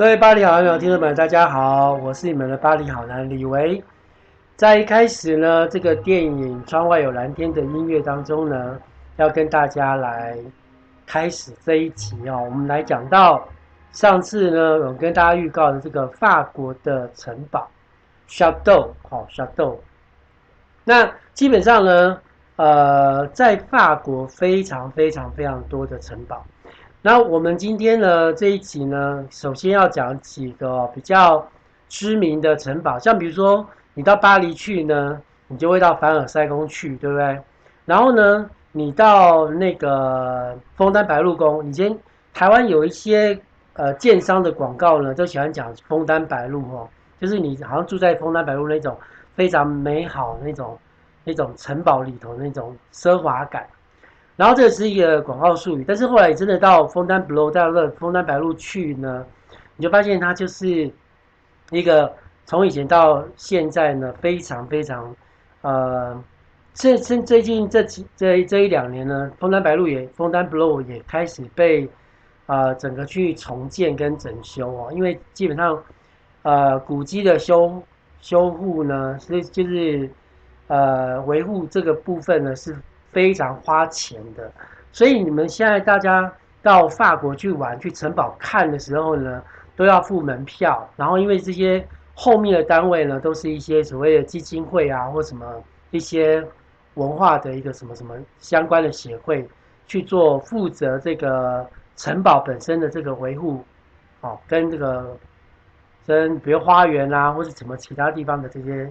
各位巴黎好朋友聽眾們，大家好，我是你們的巴黎好男李維。在一開始呢，這個電影《窗外有藍天》的音樂當中呢，要跟大家來開始這一集哦。我們來講到上次呢，我們跟大家預告的這個法國的城堡，Chateau，好 Chateau。那基本上呢，呃，在法國非常非常非常多的城堡。那我們今天呢這一集呢，首先要講幾個比較知名的城堡，像比如說你到巴黎去呢，你就會到凡爾賽宮去，對不對？然後呢，你到那個楓丹白露宮，以前台灣有一些呃建商的廣告，呢，都喜歡講楓丹白露哦，就是你好像住在楓丹白露那種非常美好的那種那種城堡裡頭的那種奢華感。然後這是一個廣告術語，但是後來真的到楓丹白露，到楓丹白露去呢，你就發現它就是一個從以前到現在呢，非常非常呃，這這最近這幾這這一兩年呢，楓丹白露也楓丹白露也開始被呃整個去重建跟整修哦，因為基本上呃古蹟的修修復呢，所以就是呃維護這個部分呢是。非常花錢的，所以你們現在大家到法國去玩，去城堡看的時候呢，都要付門票。然後因為這些後面的單位呢，都是一些所謂的基金會啊，或什麼一些文化的一個什麼什麼相關的協會去做負責這個城堡本身的這個維護，哦、啊，跟這個跟比如花園啊，或者什麼其他地方的這些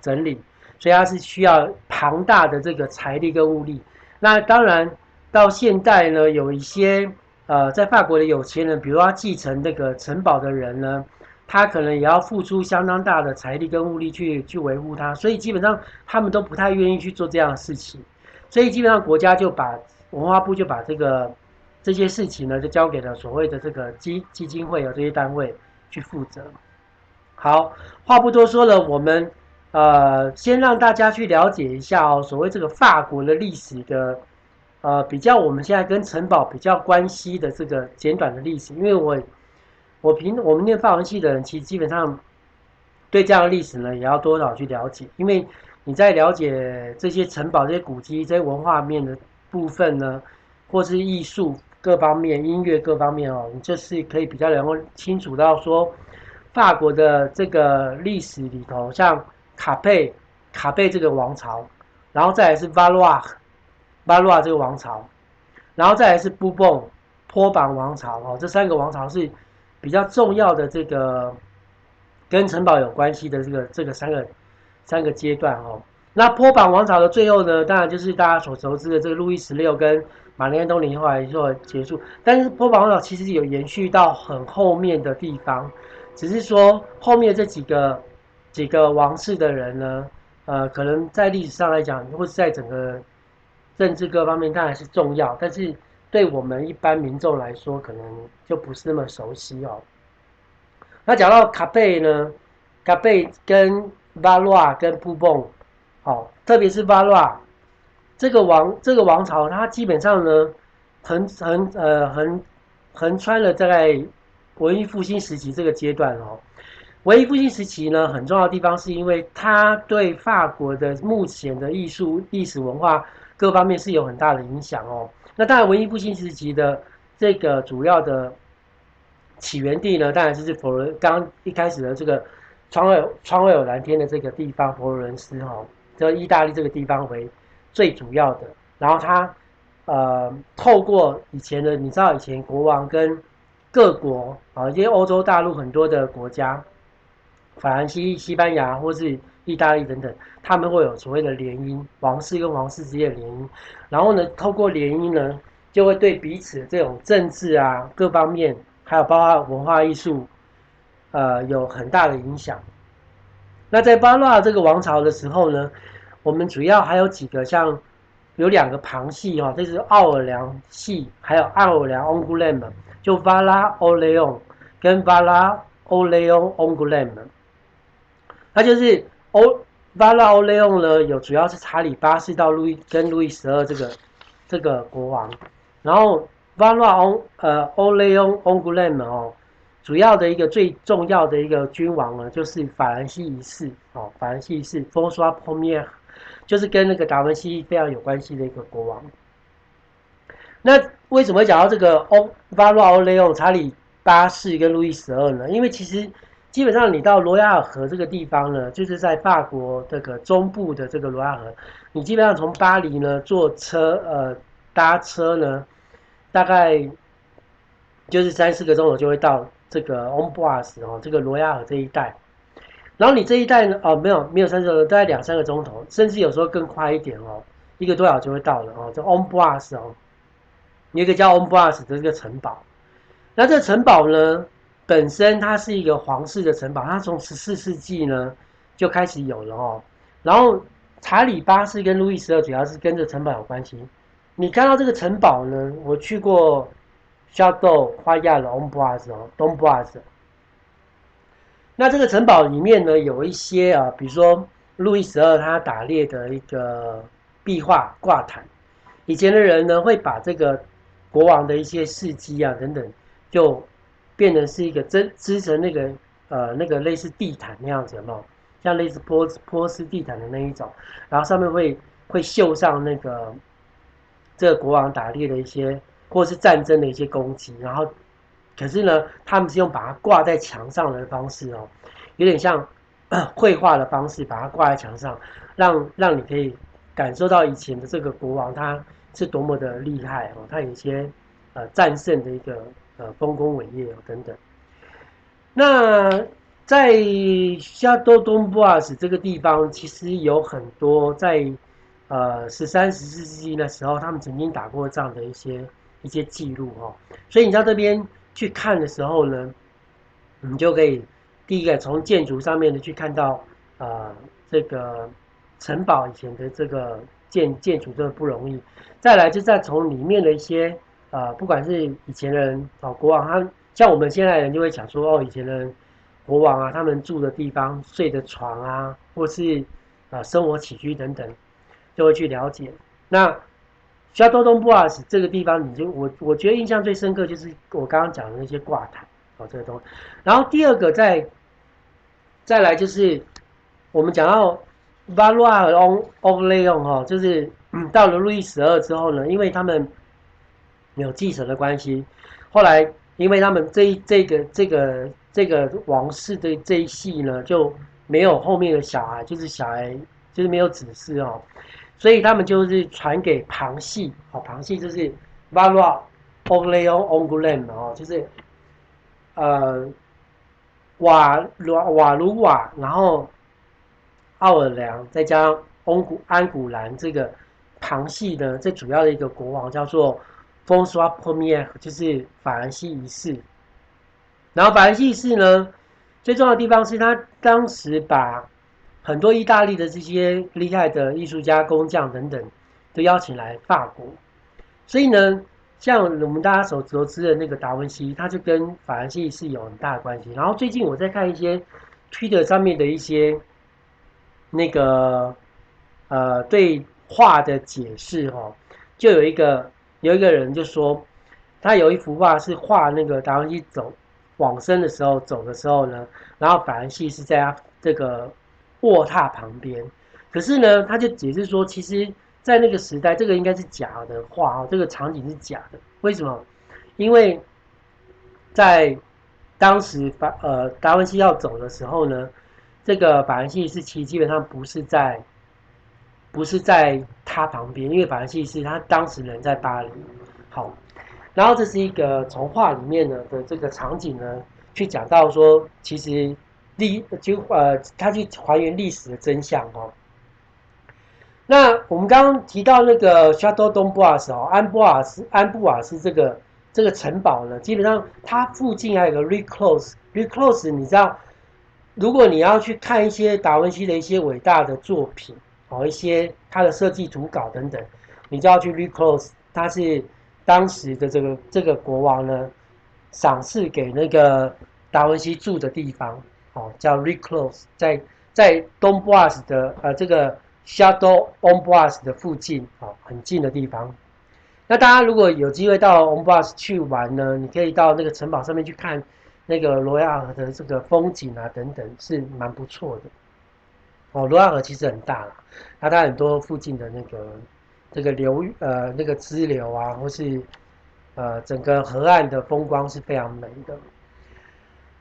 整理。所以它是需要龐大的這個財力跟物力。那當然，到現代呢，有一些呃，在法國的有錢人，比如說他繼承這個城堡的人呢，他可能也要付出相當大的財力跟物力去去維護它。所以基本上他們都不太願意去做這樣的事情。所以基本上國家就把文化部就把這個這些事情呢，就交給了所謂的這個基基金會啊，這些單位去負責。好，話不多說了，我們。呃，先讓大家去了解一下哦，所謂這個法國的歷史的，呃，比較我們現在跟城堡比較關係的這個簡短的歷史，因為我，我平我們念法文系的人，其實基本上對這樣的歷史呢，也要多少去了解，因為你在了解這些城堡、這些古蹟、這些文化面的部分呢，或是藝術各方面、音樂各方面哦，你就是可以比較能夠清楚到說，法國的這個歷史裡頭，像。卡佩，卡佩這個王朝，然後再來是瓦盧瓦，瓦盧瓦這個王朝，然後再來是布邦，波旁王朝哦，這三個王朝是比較重要的這個跟城堡有關係的這個這個三個三個階段哦。那波旁王朝的最後呢，當然就是大家所熟知的這個路易十六跟瑪麗安東尼後來就結束，但是波旁王朝其實有延續到很後面的地方，只是說後面這幾個。幾個王室的人呢？呃，可能在歷史上來講，或者在整個政治各方面，看還是重要。但是對我們一般民眾來說，可能就不是那麼熟悉哦。那講到卡貝呢？卡貝跟巴洛亞，跟布蓬，好，特別是巴洛這個王這個王朝，他基本上呢，橫橫呃橫橫穿了在文藝復興時期這個階段哦。文藝復興時期呢，很重要的地方是因為它對法國的目前的藝術、歷史、文化各方面是有很大的影響哦、喔。那當然，文藝復興時期的這個主要的起源地呢，當然就是佛羅剛一開始的這個“窗外窗外有藍天”的這個地方——佛羅倫斯哦、喔，這意大利這個地方為最主要的。然後它呃，透過以前的，你知道以前國王跟各國啊，因為歐洲大陸很多的國家。法蘭西、西班牙或是意大利等等，他們會有所謂的聯姻，王室跟王室之間的聯姻，然後呢，透過聯姻呢，就會對彼此這種政治啊，各方面，還有包括文化藝術，呃，有很大的影響。那在瓦拉這個王朝的時候呢，我們主要還有幾個，像有兩個旁系哦、啊，這是奧爾良系，還有奧爾良昂古萊姆，就瓦拉奧雷昂跟瓦拉奧雷昂昂古萊姆。那就是歐瓦拉歐雷昂呢，有主要是查理八世到路易跟路易十二這個這個國王，然後瓦拉歐呃歐雷昂歐古雷門哦，主要的一個最重要的一個君王呢，就是法蘭西一世哦，法蘭西一世波斯波米厄，ier, 就是跟那個達文西非常有關係的一個國王。那為什麼會講到這個歐瓦拉歐雷昂查理八世跟路易十二呢？因為其實，基本上你到羅亞爾河這個地方呢，就是在法國這個中部的這個羅亞爾河，你基本上從巴黎呢坐車呃搭車呢，大概就是三四個鐘頭就會到這個昂布瓦斯哦，這個羅亞爾河這一帶。然後你這一帶呢，哦沒有沒有三四個鐘，大概兩三個鐘頭，甚至有時候更快一點哦，一個多小時就會到了哦，叫昂布瓦斯哦，你有一個叫昂布瓦斯的一個城堡。那這個城堡呢？本身它是一個皇室的城堡，它從十四世紀呢就開始有了哦。然後查理八世跟路易十二主要是跟着城堡有關係。你看到這個城堡呢，我去過 Château Royal d'Amboise，d'Amboise。那這個城堡裡面呢有一些啊，比如說路易十二他打獵的一個壁畫掛毯。以前的人呢會把這個國王的一些事跡啊等等，就。變成是一個針織成，那個呃那個類似地毯那樣子哦，像類似波斯波斯地毯的那一種，然後上面會會繡上那個這個國王打獵的一些或是戰爭的一些功績，然後可是呢，他們是用把它掛在牆上的方式哦，有點像繪畫的方式把它掛在牆上，讓讓你可以感受到以前的這個國王他是多麼的厲害哦，他有一些呃戰勝的一個。呃，豐功功偉業哦，等等。那在夏多東布瓦斯這個地方，其實有很多在呃十三、十四世紀的時候，他們曾經打過仗的一些一些記錄哦。所以你到這邊去看的時候呢，你就可以第一個從建築上面的去看到，呃，這個城堡以前的這個建建築這個不容易。再來就再從裡面的一些。呃，不管是以前人老國王，他像我們現在人就會講說哦，以前人國王啊，他們住的地方、睡的床啊，或是啊生活起居等等，就會去了解。那肖多東布拉斯這個地方，你就我我覺得印象最深刻就是我剛剛講的那些掛毯哦，這個東西。然後第二個再再來就是我們講到 Valois-Orléans 哈，就是到了路易十二之後呢，因為他們。沒有繼承的關係，後來因為他們這一這個這個這個王室的這一系呢，就沒有後面的小孩，就是小孩就是沒有子嗣哦，所以他們就是傳給旁系，好、哦、旁系就是 Valois、Orléans、Angoulême 哦，就是呃瓦羅瓦盧瓦，瓦，瓦，瓦，然後奧爾良，再加上安古安古蘭這個旁系的最主要的一個國王叫做。風俗破滅，就是法蘭西一世。然後法蘭西一世呢，最重要的地方是他當時把很多意大利的這些厲害的藝術家、工匠，等等都邀請來法國。所以呢，像我們大家所熟知的那個達文西，他就跟法蘭西一世有很大的關係。然後最近我在看一些推特上面的一些那個呃對話的解釋哦，就有一個。有一個人就說，他有一幅畫是畫那個達文西走往生的時候走的時候呢，然後法蘭西是在這個臥榻旁邊。可是呢，他就解釋說，其實，在那個時代，這個應該是假的畫哦，這個場景是假的。為什麼？因為，在當時法呃達文西要走的時候呢，這個法蘭西時期基本上不是在。不是在他旁邊，因為法蘭西是他當時人在巴黎。好，然後這是一個從畫裡面呢的這個場景呢，去講到說，其實歷就呃，他去還原歷史的真相哦。那我們剛剛提到那個 Château d'Amboise、哦、安布瓦斯安布瓦斯這個這個城堡呢，基本上它附近還有個 reclose reclose 你知道，如果你要去看一些達文西的一些偉大的作品。某一些他的設計圖稿等等，你就要去 reclose 他是當時的這個這個國王呢賞賜給那個達文西住的地方，哦，叫 reclose 在在 Amboise 的呃這個 Château d'Amboise 的附近，哦，很近的地方。那大家如果有機會到 Amboise 去玩呢，你可以到那個城堡上面去看那個羅亞爾的這個風景啊等等，是蠻不錯的。哦，羅亞爾河其實很大了，那它很多附近的那個這個流域，呃，那個支流啊，或是呃整個河岸的風光是非常美的。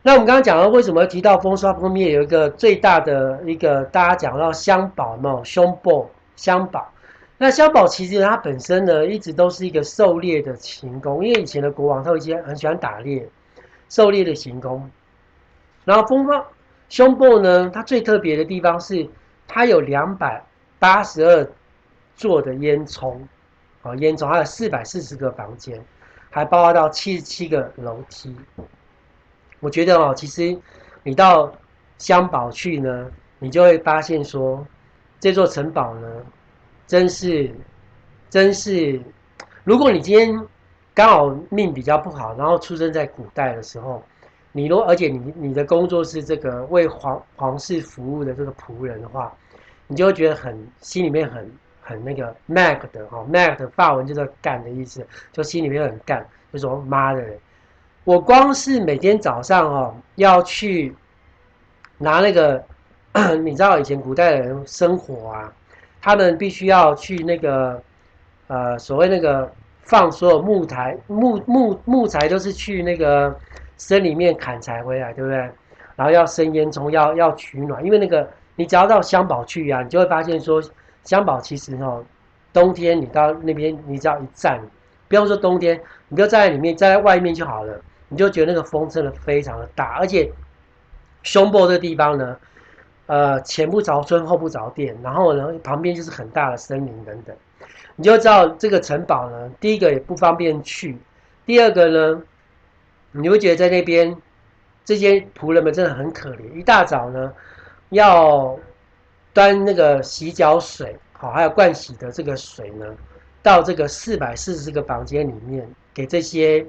那我們剛剛講到，為什麼提到風沙，旁邊有一個最大的一個，大家講到香堡嘛，胸部香堡。那香堡其實它本身呢，一直都是一個狩獵的行宮，因為以前的國王他以前很喜歡打獵，狩獵的行宮。然後風沙。香堡呢，它最特別的地方是，它有兩百八十二座的煙囪，啊、哦，煙囪還有四百四十個房間，還包括到七十七個樓梯。我覺得哦，其實你到香堡去呢，你就會發現說，這座城堡呢，真是，真是，如果你今天剛好命比較不好，然後出生在古代的時候。你如，而且你你的工作是這個為皇皇室服務的這個僕人的話，你就會覺得很心裡面很很那個 mag 的哦 mag 的法文就是幹的意思，就心裡面很幹，就是說媽的人，我光是每天早上哦要去拿那個，你知道以前古代的人生活啊，他們必須要去那個呃所謂那個放所有木材木木木材都是去那個。山裡面砍柴回來，對不對？然後要生煙囪，要要取暖，因為那個你只要到香堡去啊，你就會發現說，香堡其實哈，冬天你到那邊，你只要一站，不用說冬天，你就站在裡面，站在外面就好了，你就覺得那個風真的非常的大，而且，香堡這個地方呢，呃，前不着村後不着店，然後呢，旁邊就是很大的森林等等，你就知道這個城堡呢，第一個也不方便去，第二個呢。你會覺得在那邊，這些僕人們真的很可憐。一大早呢，要端那個洗腳水，好，還有盥洗的這個水呢，到這個四百四十個房間裡面，給這些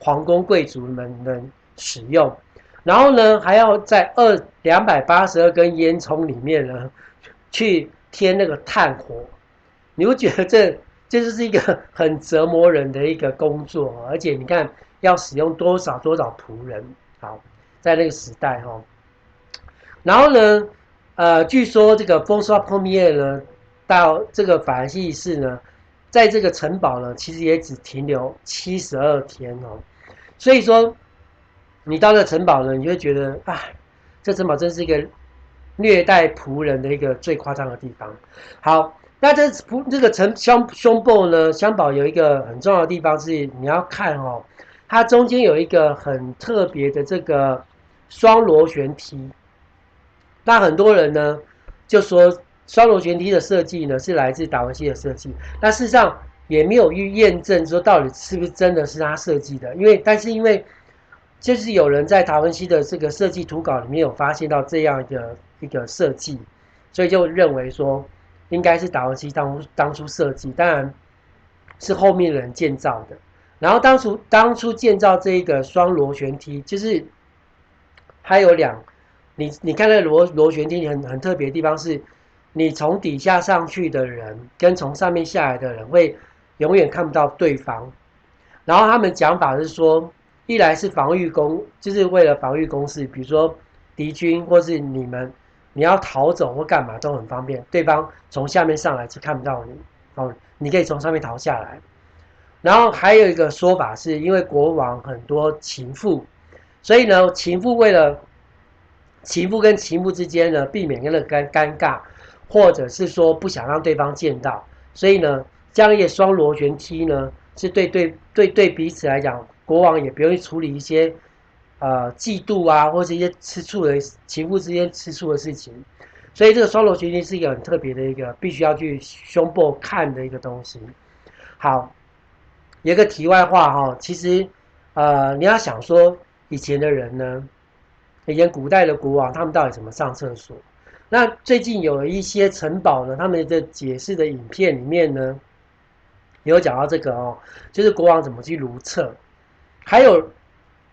皇宮貴族們呢使用。然後呢，還要在二兩百八十二根煙囪裡面呢，去添那個炭火。你會覺得這這就是一個很折磨人的一個工作，而且你看。要使用多少多少僕人？好，在那個時代哦。然後呢，呃，據說這個 François Premier 呢，到這個法蘭西斯呢，在這個城堡呢，其實也只停留七十二天哦。所以說，你到這個城堡呢，你就會覺得，哎、啊，這城堡真是一個虐待僕人的一個最誇張的地方。好，那這這個城香堡呢，香堡有一個很重要的地方是你要看哦。它中間有一個很特別的這個雙螺旋梯。那很多人呢就說，雙螺旋梯的設計呢是來自達文西的設計。那事實上也沒有去驗證說到底是不是真的是他設計的，因為但是因為就是有人在達文西的這個設計圖稿裡面有發現到這樣一個一個設計，所以就認為說應該是達文西當當初設計，當然是後面的人建造的。然後當初當初建造這一個雙螺旋梯，就是還有兩，你你看那螺螺旋梯很很特別的地方是，你從底下上去的人跟從上面下來的人會永遠看不到對方。然後他們講法是說，一來是防禦工，就是為了防禦工事，比如說敵軍或是你們你要逃走或幹嘛都很方便，對方從下面上來是看不到你，哦，你可以從上面逃下來。然後還有一個說法是，因為國王很多情婦，所以呢，情婦為了情婦跟情婦之間呢，避免跟那個尷尷尬，或者是說不想讓對方見到，所以呢，這樣一些雙螺旋梯呢，是對對對對彼此來講，國王也不用去處理一些呃嫉妒啊，或是一些吃醋的情婦之間吃醋的事情，所以這個雙螺旋梯是一個很特別的一個必須要去胸部看的一個東西。好。有一個題外話哈，其實，呃，你要想說以前的人呢，以前古代的國王他們到底怎麼上廁所？那最近有一些城堡呢，他們的解釋的影片裡面呢，有講到這個哦，就是國王怎麼去如廁，還有，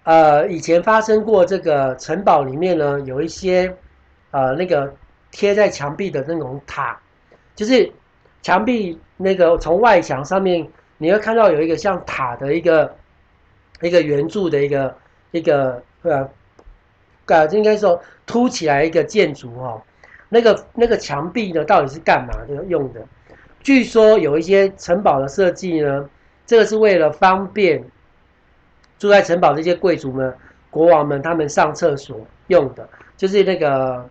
呃，以前發生過這個城堡裡面呢，有一些，呃，那個貼在牆壁的那種塔，就是牆壁那個從外牆上面。你會看到有一個像塔的一個一個圓柱的一個一個呃啊，應該說凸起來一個建築哦。那個那個牆壁呢，到底是幹嘛的用的？據說有一些城堡的設計呢，這個是為了方便住在城堡這些貴族們、國王們他們上廁所用的，就是那個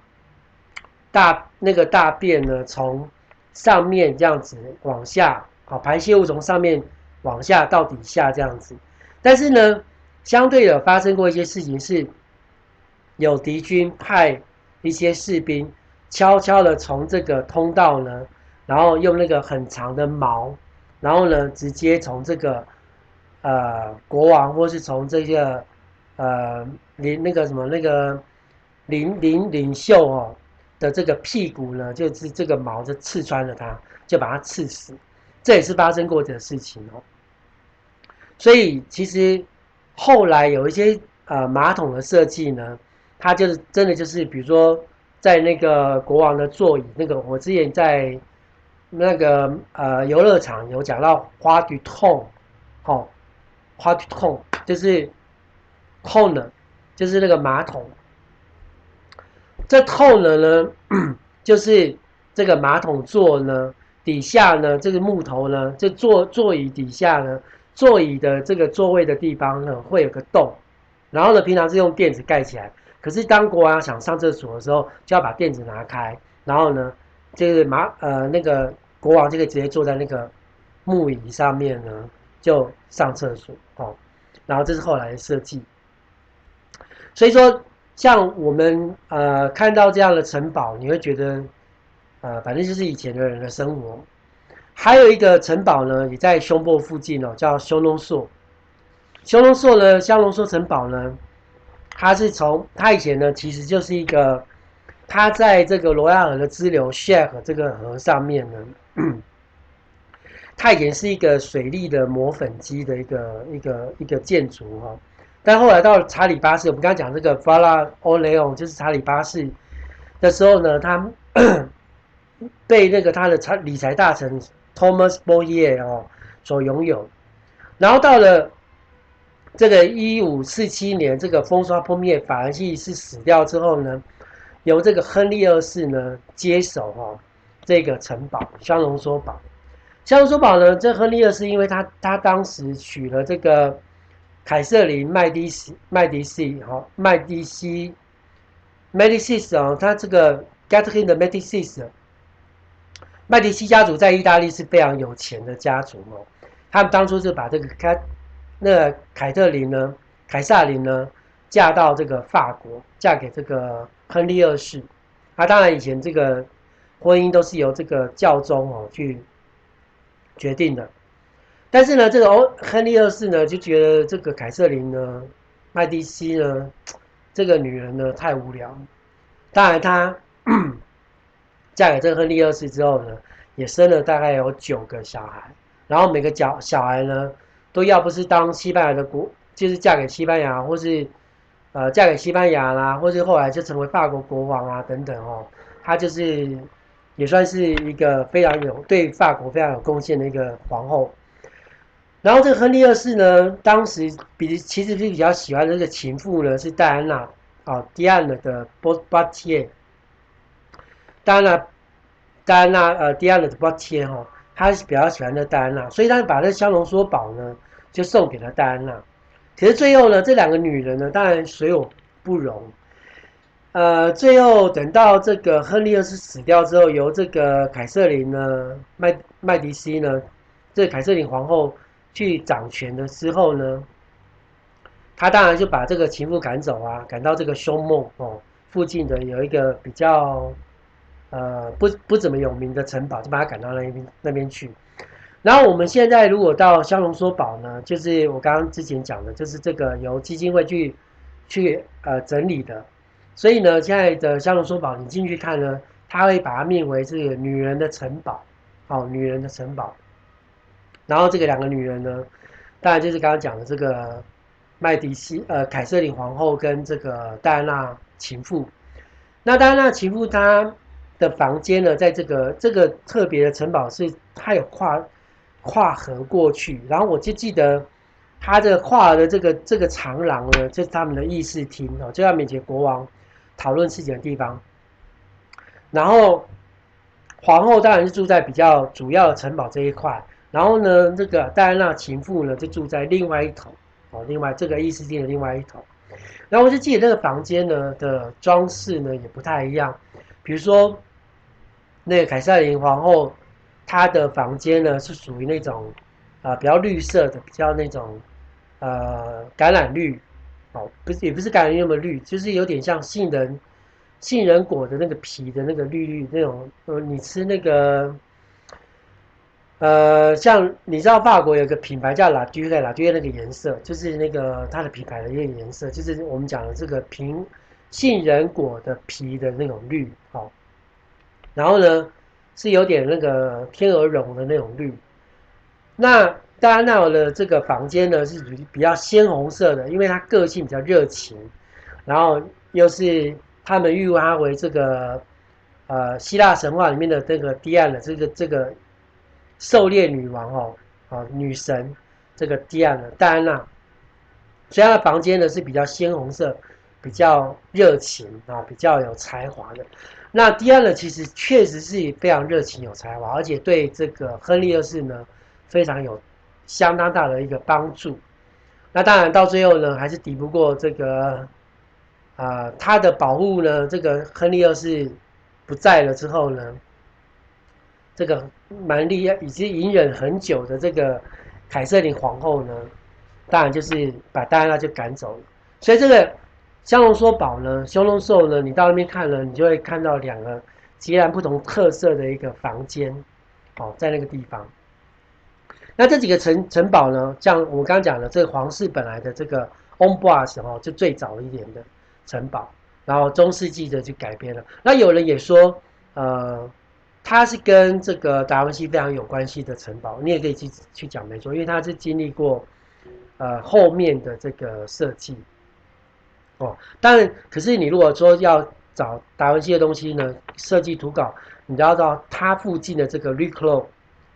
大那個大便呢，從上面這樣子往下。好，排泄物從上面往下到底下這樣子。但是呢，相對的，發生過一些事情是，有敵軍派一些士兵悄悄的從這個通道呢，然後用那個很長的矛，然後呢，直接從這個呃國王或是從這個呃領那個什麼那個領領領袖哦、喔、的這個屁股呢，就是這個矛就刺穿了他，就把他刺死。這也是發生過的事情哦，所以其實後來有一些呃馬桶的設計呢，它就是真的就是，比如說在那個國王的座椅，那個我之前在那個呃遊樂場有講到花嘴痛，好花嘴痛，就是痛的，就是那個馬桶這痛的呢，就是這個馬桶座呢。底下呢，這個木頭呢，這座座椅底下呢，座椅的這個座位的地方呢，會有個洞，然後呢，平常是用墊子蓋起來。可是當國王想上廁所的時候，就要把墊子拿開，然後呢，就是馬呃那個國王就可以直接坐在那個木椅上面呢，就上廁所哦。然後這是後來的設計，所以說像我們呃看到這樣的城堡，你會覺得。呃，反正就是以前的人的生活。還有一個城堡呢，也在胸部附近哦，叫修隆索。修隆索呢，香隆索城堡呢，它是從它以前呢，其實就是一個它在這個羅亞爾的支流 s h a 謝克這個河上面呢，它以前是一個水力的磨粉機的一個一個一個建築哈、哦。但後來到查理八世，我們剛剛講這個法拉歐雷歐，o、on, 就是查理八世的時候呢，他。被那個他的財理財大臣 Thomas Boyer 哦所擁有，然後到了這個一五四七年，這個風沙破滅，法蘭西是死掉之後呢，由這個亨利二世呢接手哈這個城堡香龍梭堡，香龍梭堡，堡呢，這亨利二世因為他他當時娶了這個凱瑟琳麥迪西，麥迪西哈麥迪西，Medici 他這個 Catherine de Médicis。麥迪西家族在意大利是非常有錢的家族哦，他們當初是把這個凱，那凱特琳呢，凱瑟琳呢，嫁到這個法國，嫁給這個亨利二世。他、啊、當然以前這個婚姻，都是由這個教宗哦去決定的，但是呢，這個、哦、亨利二世呢就覺得這個凱瑟琳呢，麥迪西呢，這個女人呢太無聊，當然她，嫁給這個亨利二世之後呢，也生了大概有九個小孩，然後每個小小孩呢，都要不是當西班牙的國，就是嫁給西班牙，或是呃嫁給西班牙啦、啊，或是後來就成為法國國王啊等等哦。她就是也算是一個非常有對法國非常有貢獻的一個皇後。然後這個亨利二世呢，當時比其實是比較喜歡的那個情婦呢是戴安娜啊，戴安娜的波巴切。戴安娜，戴安娜，呃，第二個都不簽哦，他是比較喜歡的戴安娜，所以他把這香濃索堡呢，就送給了戴安娜。其實最後呢，這兩個女人呢，當然水火不容。呃，最後等到這個亨利二世死掉之後，由這個凱瑟琳呢，麥麥迪西呢，這個、凱瑟琳皇后去掌權的時候呢，他當然就把這個情婦趕走啊，趕到這個凶夢哦附近的有一個比較。呃，不不怎麼有名的城堡，就把它趕到那邊那邊去。然後我們現在如果到雪儂梭堡呢，就是我剛剛之前講的，就是這個由基金會去去呃整理的。所以呢，現在的雪儂梭堡，你進去看呢，他會把它命為是女人的城堡，好，哦，女人的城堡。然後這個兩個女人呢，當然就是剛剛講的這個麥迪西呃凱瑟琳皇後跟這個戴安娜情婦。那戴安娜情婦她。的房間呢，在這個這個特別的城堡是它有跨跨河過去，然後我就記得他這個跨的這個這個長廊呢，就是他們的議事廳哦，就在面見國王討論事情的地方。然後皇后當然是住在比較主要的城堡這一塊，然後呢，這個戴安娜情婦呢就住在另外一頭哦，另外這個議事廳的另外一頭。然後我就記得那個房間呢的裝飾呢也不太一樣，比如說。那個凱瑟琳皇後，她的房間呢是屬於那種啊、呃、比較綠色的，比較那種呃橄欖綠，哦不是也不是橄欖綠那麼綠，就是有點像杏仁、杏仁果的那個皮的那個綠綠那種。呃，你吃那個呃像你知道法國有個品牌叫 Ladurée，Ladurée 那個顏色就是那個它的品牌的那個顏色，就是我們講的這個蘋杏仁果的皮的那種綠，好、哦。然後呢，是有點那個天鵝絨的那種綠。那戴安娜的這個房間呢，是比較鮮紅色的，因為她個性比較熱情，然後又是他們譽為她為這個，呃，希臘神話裡面的這個戴安娜，這個這個狩獵女王哦，啊，女神這個戴安娜。所以他的房間呢，是比較鮮紅色，比較熱情啊，然後比較有才華的。那戴安娜呢，其實確實是非常熱情、有才華，而且對這個亨利二世呢，非常有相當大的一個幫助。那當然到最後呢，還是抵不過這個啊、呃、他的保護呢，這個亨利二世不在了之後呢，這個蠻力以及隱忍很久的這個凱瑟琳皇後呢，當然就是把戴安娜就趕走了。所以這個。香儂梭堡呢，香儂梭呢？你到那邊看了，你就會看到兩個截然不同特色的一個房間，哦，在那個地方。那這幾個城城堡呢，像我剛剛講的，這個皇室本來的這個昂布瓦斯哦，就最早一點的城堡，然後中世紀的就改變了。那有人也說，呃，它是跟這個達文西非常有關係的城堡，你也可以去去講沒錯，因為它是經歷過呃後面的這個設計。哦，但可是你如果說要找達文西的東西呢，設計圖稿，你就要到它附近的這個 Reclu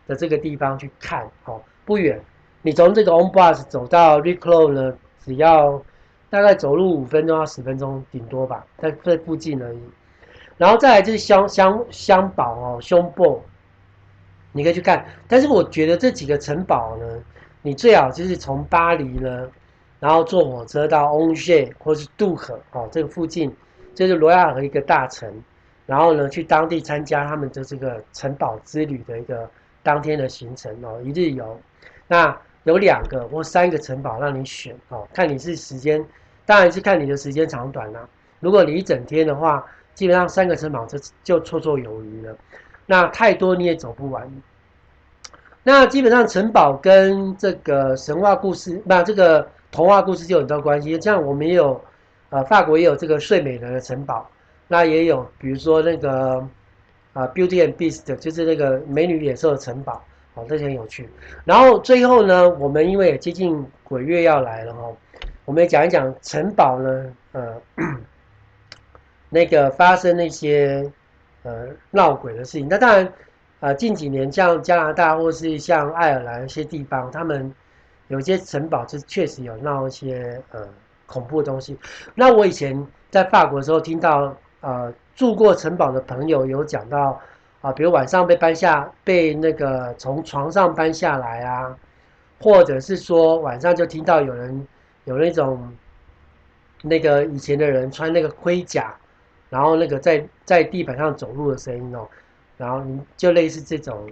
的這個地方去看，哦，不遠，你從這個 On Bus 走到 Reclu 呢，只要大概走路五分鐘到十分鐘頂多吧，在這附近而已。然後再來就是香香香堡哦，香堡，你可以去看。但是我覺得這幾個城堡呢，你最好就是從巴黎呢。然後坐火車到 Onze 或是杜克哦，這個附近，這、就是羅亞爾河一個大城。然後呢，去當地參加他們的這個城堡之旅的一個當天的行程哦，一日遊。那有兩個或三個城堡讓你選哦，看你是時間，當然是看你的時間長短啦、啊。如果你一整天的話，基本上三個城堡就就綽綽有餘了。那太多你也走不完。那基本上城堡跟這個神話故事，那這個。童話故事就有很多關係，像我們也有，呃，法國也有這個睡美人的城堡，那也有，比如說那個，啊，Beauty and Beast，就是那個美女野獸的城堡，哦，這些很有趣。然後最後呢，我們因為也接近鬼月要來了哈，我們也講一講城堡呢，呃，那個發生那些呃鬧鬼的事情。那當然，呃，近幾年像加拿大或是像愛爾蘭一些地方，他們。有些城堡是確實有鬧一些呃恐怖的東西。那我以前在法國的時候，聽到呃住過城堡的朋友有講到啊、呃，比如晚上被搬下，被那個從床上搬下來啊，或者是說晚上就聽到有人有那種那個以前的人穿那個盔甲，然後那個在在地板上走路的聲音哦，然後就類似這種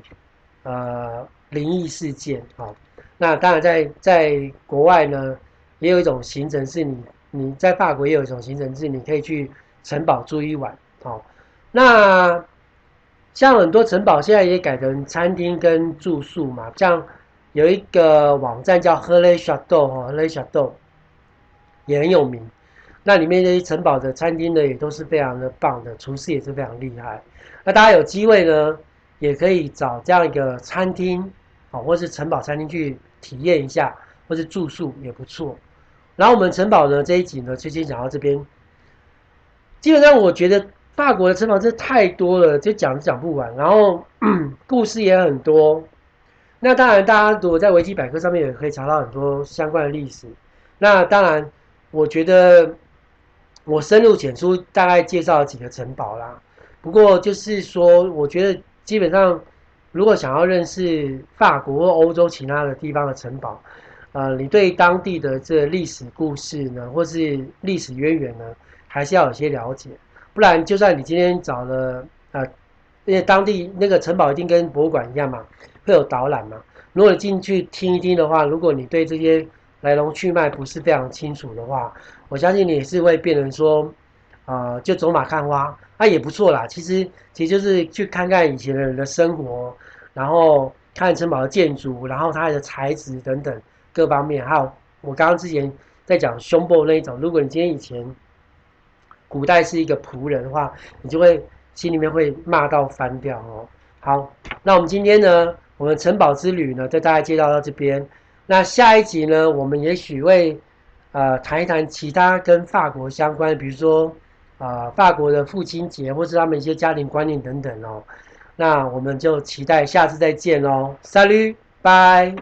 呃靈異事件啊。哦那當然在，在在國外呢，也有一種行程是你你在法國也有一種行程是你可以去城堡住一晚，好，哦，那像很多城堡現在也改成餐廳跟住宿嘛，像有一個網站叫 Relais Châteaux，Relais Châteaux 也很有名，那裡面這些城堡的餐廳呢也都是非常的棒的，廚師也是非常厲害，那大家有機會呢也可以找這樣一個餐廳，好，哦，或是城堡餐廳去。體驗一下，或者住宿也不錯。然後我們城堡呢這一集呢，就先講到這邊。基本上，我覺得法國的城堡真的太多了，就講都講不完。然後故事也很多。那當然，大家如果在維基百科上面也可以查到很多相關的歷史。那當然，我覺得我深入淺出大概介紹了幾個城堡啦。不過就是說，我覺得基本上。如果想要認識法國或歐洲其他的地方的城堡，呃，你對當地的這歷史故事呢，或是歷史淵源呢，還是要有些了解。不然，就算你今天找了，呃，因為當地那個城堡一定跟博物館一樣嘛，會有導覽嘛。如果你進去聽一聽的話，如果你對這些來龍去脈不是非常清楚的話，我相信你也是會變成說，啊、呃，就走馬看花。那、啊、也不錯啦，其實其實就是去看看以前的人的生活，然後看城堡的建築，然後它的材質等等各方面。好，我剛剛之前在講胸部那一種，如果你今天以前古代是一個僕人的話，你就會心裡面會罵到翻掉哦。好，那我們今天呢，我們城堡之旅呢，就大概介紹到這邊。那下一集呢，我們也許會、呃、談一談其他跟法國相關，比如說。啊、呃，法國的父親節，或是他們一些家庭觀念等等哦，那我們就期待下次再見嘍，Salut, bye